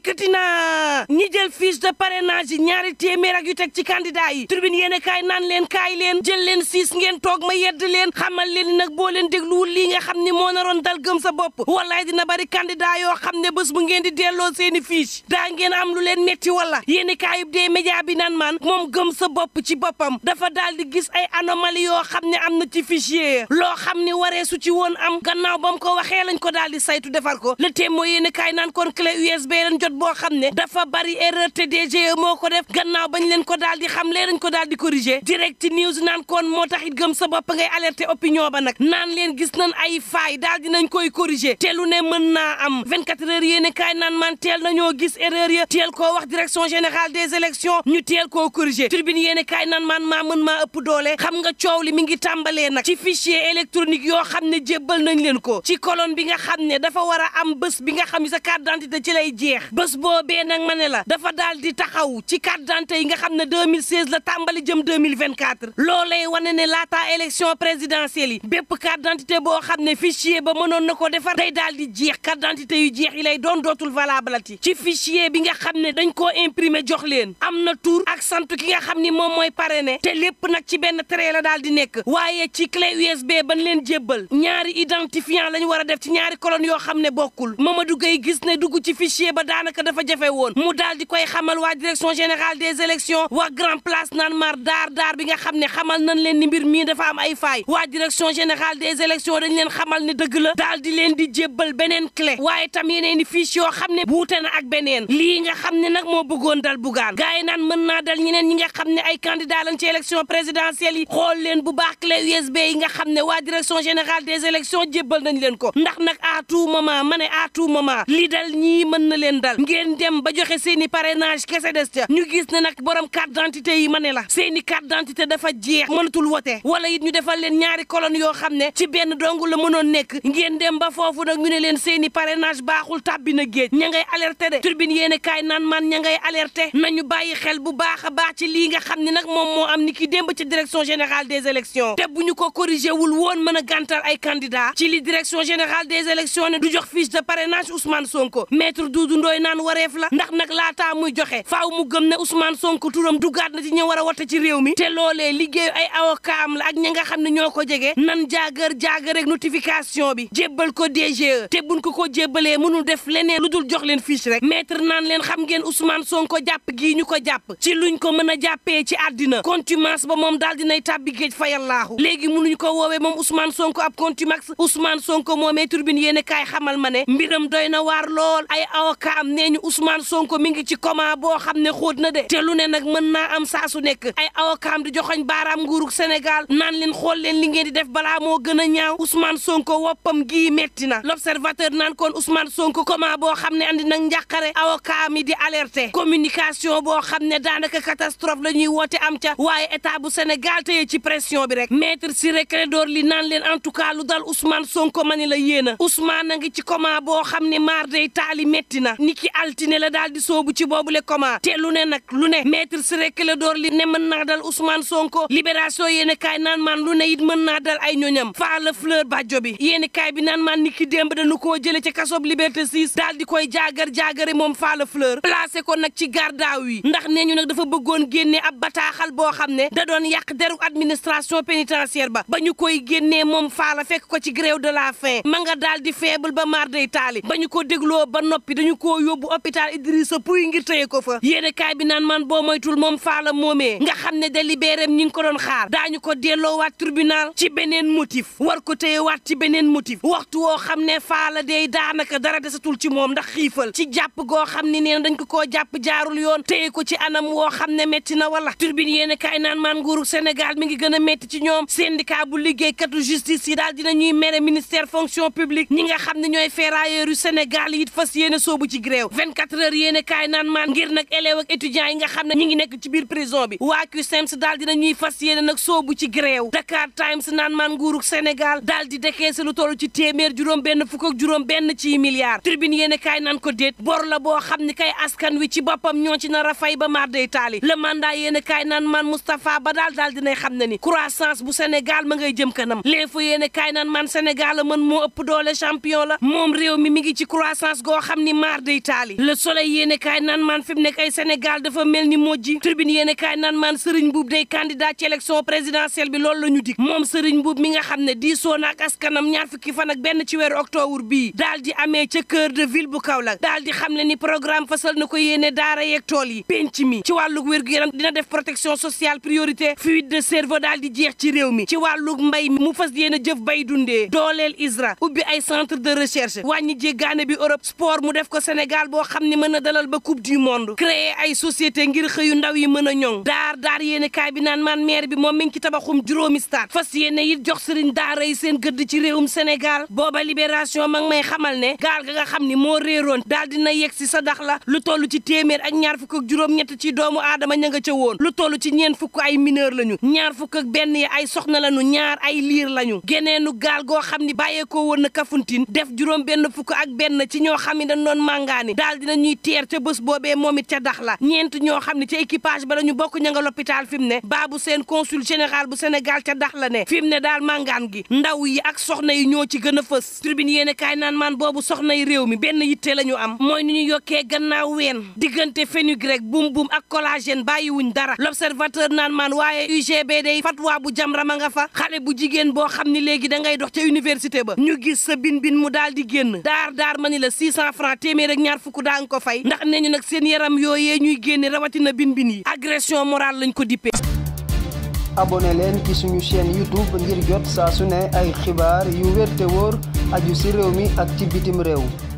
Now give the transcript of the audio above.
dikkati na ñi jël fiche de parrainage yi ñaari téeméer ak yu teg ci candidat yi tribune yéen a kaay naan leen kaay leen jël leen siis ngeen toog ma yedd leen xamal leen nag boo leen dégluwul lii nga xam ni moo naroon dal gëm sa bopp wallaay dina bari candidat yoo xam ne bés bu ngeen di delloo seeni fiche daa ngeen am lu leen metti wala yéen i dee média bi naan maan moom gëm sa bopp ci boppam dafa daal di gis ay anomalie yoo xam ne am na ci fichier loo xam ni waree su ci woon am gannaaw ba mu ko waxee lañ ko daal di saytu defar ko boo xam ne dafa bari erreur te DGE moo ko def gannaaw bañ leen ko daal di xam leen nañ ko daal di corriger direct news naan kon moo taxit gëm sa bopp ngay alerter opinion ba nag naan leen gis nañ ay faay daal nañ koy corriger te lu ne mën naa am 24 heures yéene kaay naan man teel nañoo gis erreur ya teel koo wax direction générale des élections ñu teel koo corriger tribune yéene kaay naan man maa mën maa ëpp doole xam nga coow li mi ngi tàmbalee nag ci fichier électronique yoo xam ne jébbal nañ leen ko ci colonne bi nga xam ne dafa war a am bés bi nga xam ne sa carte d'identité ci lay jeex bés boobee nag ma ne la dafa daal di taxaw ci carte d'identité yi nga xam ne 2016 la tàmbali jëm 2024 loolee wane ne laataa élection présidentielle yi bépp carte d'identité boo xam ne fichier ba mënoon na ko defar day daal di jeex carte d'identité yu jeex yi lay doon dootul valable ati ci fichier bi nga xam ne dañ koo imprimer jox leen am na tur ak sant ki nga xam ni moom mooy pare ne te lépp nag ci benn trait la daal di nekk waaye ci clé USB ban leen jébbal ñaari identifiant la ñu war a def ci ñaari colonne yoo xam ne bokkul Mamadou Gueye gis ne dugg ci fichier ba daana daanaka dafa jafe woon mu daal di koy xamal waa direction générale des élections waa grand place naan mar daar daar bi nga xam ne xamal nañ leen ni mbir mii dafa am ay faay waa direction générale des élections dañ leen xamal ne dëgg la daal di leen di jébbal beneen clé waaye tam yeneen i fiche yoo xam ne wuute na ak beneen li nga xam ne nag moo bëggoon dal bugaan gars yi naan mën naa dal neen ñi nga xam ne ay candidat lañ ci élection présidentielle yi xool leen bu baax clé USB yi nga xam ne waa direction générale des élections jébbal nañ leen ko ndax nag à tout moment ma ne à tout moment li dal ñii mën na leen dal ngeen dem ba joxe seen i parrainage kese des ca ñu gis ne nag borom carte d'identité yi ma ne la seen i carte d'identité dafa jeex mënatul wote wala it ñu defal leen ñaari colonne yoo xam ne ci benn dong la mënoon nekk ngeen dem ba foofu nag ñu ne leen seeni i parrainage baaxul tàbbi na géej ña ngay alerté de turbine yéen kaay naan man ña ngay alerté nañu bàyyi xel bu baax a baax ci lii nga xam ne nag moom moo am ni ki démb ci direction générale des élections te bu ñu ko corrigé wul woon mën a gàntal ay candidat ci li direction générale des élections du jox fiche de parrainage Ousmane Sonko maître Doudou Ndoye naan wareef la ndax nag laataa muy joxe faaw mu gëm ne Ousmane Sonko turam dugaat na ci ñi war a wote ci réew mi te loolee liggéey ay avocat kaam la ak ñi nga xam ne ñoo ko jege nan jaagar jaagar rek notification bi jébbal ko DGE te buñ ko ko jébbalee mënul def leneen lu dul jox leen fiche rek maître naan leen xam ngeen Ousmane Sonko jàpp gii ñu ko jàpp ci luñ ko mën a jàppee ci àddina contumace ba moom daal dinay tàbbi géej fa yàllaahu léegi munuñu ko woowee moom Ousmane Sonko ab contumax Ousmane Sonko moomee turbine yéen kaay xamal ma ne mbiram doy na waar lool ay avocat nee ñu Ousmane Sonko mi ngi ci coma boo xam ne xóot na de te lu ne nag mën naa am saa su nekk ay awokaam di joxoñ baaraam nguurug Sénégal naan leen xool leen li di def balaa moo gën a ñaaw Ousmane Sonko woppam gii metti na l'observateur naan kon Ousmane Sonko coma boo xam ne andi nag njàqare awokaam yi di alerte communication boo xam ne daanaka catastrophe la ñuy woote am ca waaye état bu Sénégal te ci pression bi rek maître Ciré Clédor li naan leen en tout cas lu dal Ousmane Sonko ma ni la yéena Ousmane a ngi ci coma boo xam ne maar day taali metti niki altine la daal di soobu ci boobule comment te lu ne nag lu ne maître Ciré Clédor li ne mën naa dal Ousmane Sonko libération yéen kaay naan maan lu ne it mën na dal ay ñoñam Falla Fleur Badjo jobi yéen kaay bi naan maan demb da dañu koo jële ci kasob liberte 6 daal di koy jaagar jaagare moom faala Fleur placé ko nag ci gardaaw yi ndax ne ñu nag dafa bëggoon génne ab bataaxal boo xam ne da doon yàq deru administration pénitentiaire ba ba ñu koy génnee moom Falla fekk ko ci grève de la faim ma nga daal di faible ba maar day taali ba ñu ko dégloo ba noppi dañu ko yóbbu hôpital Idrissa Pouye ngir téye ko fa yéene kaay bi naan man boo moytul moom faala moomee nga xam ne délibéré ñi ngi ko doon xaar daañu ko delloowaat tribunal ci beneen motif war ko téyewaat ci beneen motif waxtu woo xam ne faala day daanaka dara desatul ci moom ndax xiifal ci jàpp goo xam ne nee na dañ ko koo jàpp jaarul yoon téye ko ci anam woo xam ne metti na wala turbine yéene kaay naan man nguuru Sénégal mi ngi gën a metti ci ñoom syndicat bu liggéeykatu justice yi daal dina ñuy mere ministère fonction publique réew 24 heures yéen a kaay naan maan ngir nag élèves ak étudiants nga xam ne ñi ngi nekk ci biir prison bi waa CUSEMS daal dina ñuy fas yéene nag soobu ci gréew Dakar Times naan maan nguuruk Sénégal daal di dekeese lu toll ci téeméer juróom benn fukk juróom benn ci i tribune yéen a kaay naan ko déet bor la boo xam ne kay askan wi ci boppam ñoo ci nar a fay ba maar day taali le mandat yéen a kaay naan maan Moustapha ba daal daal dinay xam ne ni croissance bu senegal ma ngay jëm kanam l'info yéen a kaay naan maan Sénégal a moo ëpp doole champion la moom réew mi mi ngi ci croissance goo xam ni maar taali le soleil yéene kaay naan maan fi mu nekk ay Sénégal dafa mel ni mojji tribune yéene kaay naan maan Serigne Mboup day candidat ci élection présidentielle bi loolu la ñu dig moom Serigne Mboup mi nga xam ne diisoo na ak askanam ñaar fukki fan ak benn ci weer octobre bi daal di amee ca cœur de ville bu Kaolack daal di xam ne ni programme fasal na ko yéene daara yeeg tool yi penc mi ci wàllug wér-gu-yaram dina def protection sociale priorité fuite de cerveau daal di jeex ci réew mi ci wàllug mbay mi mu fas yéene jëf bay dundee dooleel ISRA ubbi ay centre de recherche wàññi jéggaane bi Europe sport mu def ko Sénégal Sénégal boo xam ni mën a dalal ba coupe du monde créer ay société ngir xëyu ndaw yi mën a ñoŋ daar daar yéene kaay bi naan man maire bi moom mi ngi ci tabaxum juróomi stade fas yéene it jox sëriñ daar yi seen gëdd ci réewum Sénégal booba libération mag may xamal ne gaal ga nga xam ni moo réeroon daal dina yegg si sa dax la lu toll ci téeméer ak ñaar fukk ak juróom-ñett ci doomu aadama ña nga ca woon lu toll ci ñeen fukk ay mineur lañu ñaar fukk ak benn yi ay soxna lañu ñaar ay liir lañu geneenu gaal goo xam ni bàyyeekoo woon na def juróom benn fukk ak benn ci ñoo xam ni daal dina ñuy teer ca bés boobee moom it ca dax la ñeent ñoo xam ne ca équipage ba la ñu bokk ña nga l'hôpital fi mu ne baabu seen consul général bu Sénégal ca dax la ne fi mu ne daal màngaan gi ndaw yi ak soxna yi ñoo ci gën a fës tribune yéen kaay naan maan boobu soxna yi réew mi benn yitte la ñu am mooy ni ñu yokkee gannaaw ween diggante fenugrec bum bum ak collagène bàyyiwuñ dara l'observateur naan maan waaye UGB day fatwa bu jamra ma nga fa xale bu jigéen boo xam ni léegi da ngay dox ca université ba ñu gis sa bin bin mu daal di génn daar daar ma ni la 600 francs téeméer ak ñaar fukk daañ ko fay ndax nee ñu nag seen yaram yooyee ñuy génne rawatina bin bin yi agression morale lañ ko dippee abonné leen ci suñu chaîne youtube ngir jot saa su ne ay xibaar yu wér te wóor aju si réew mi ak ci bitim réew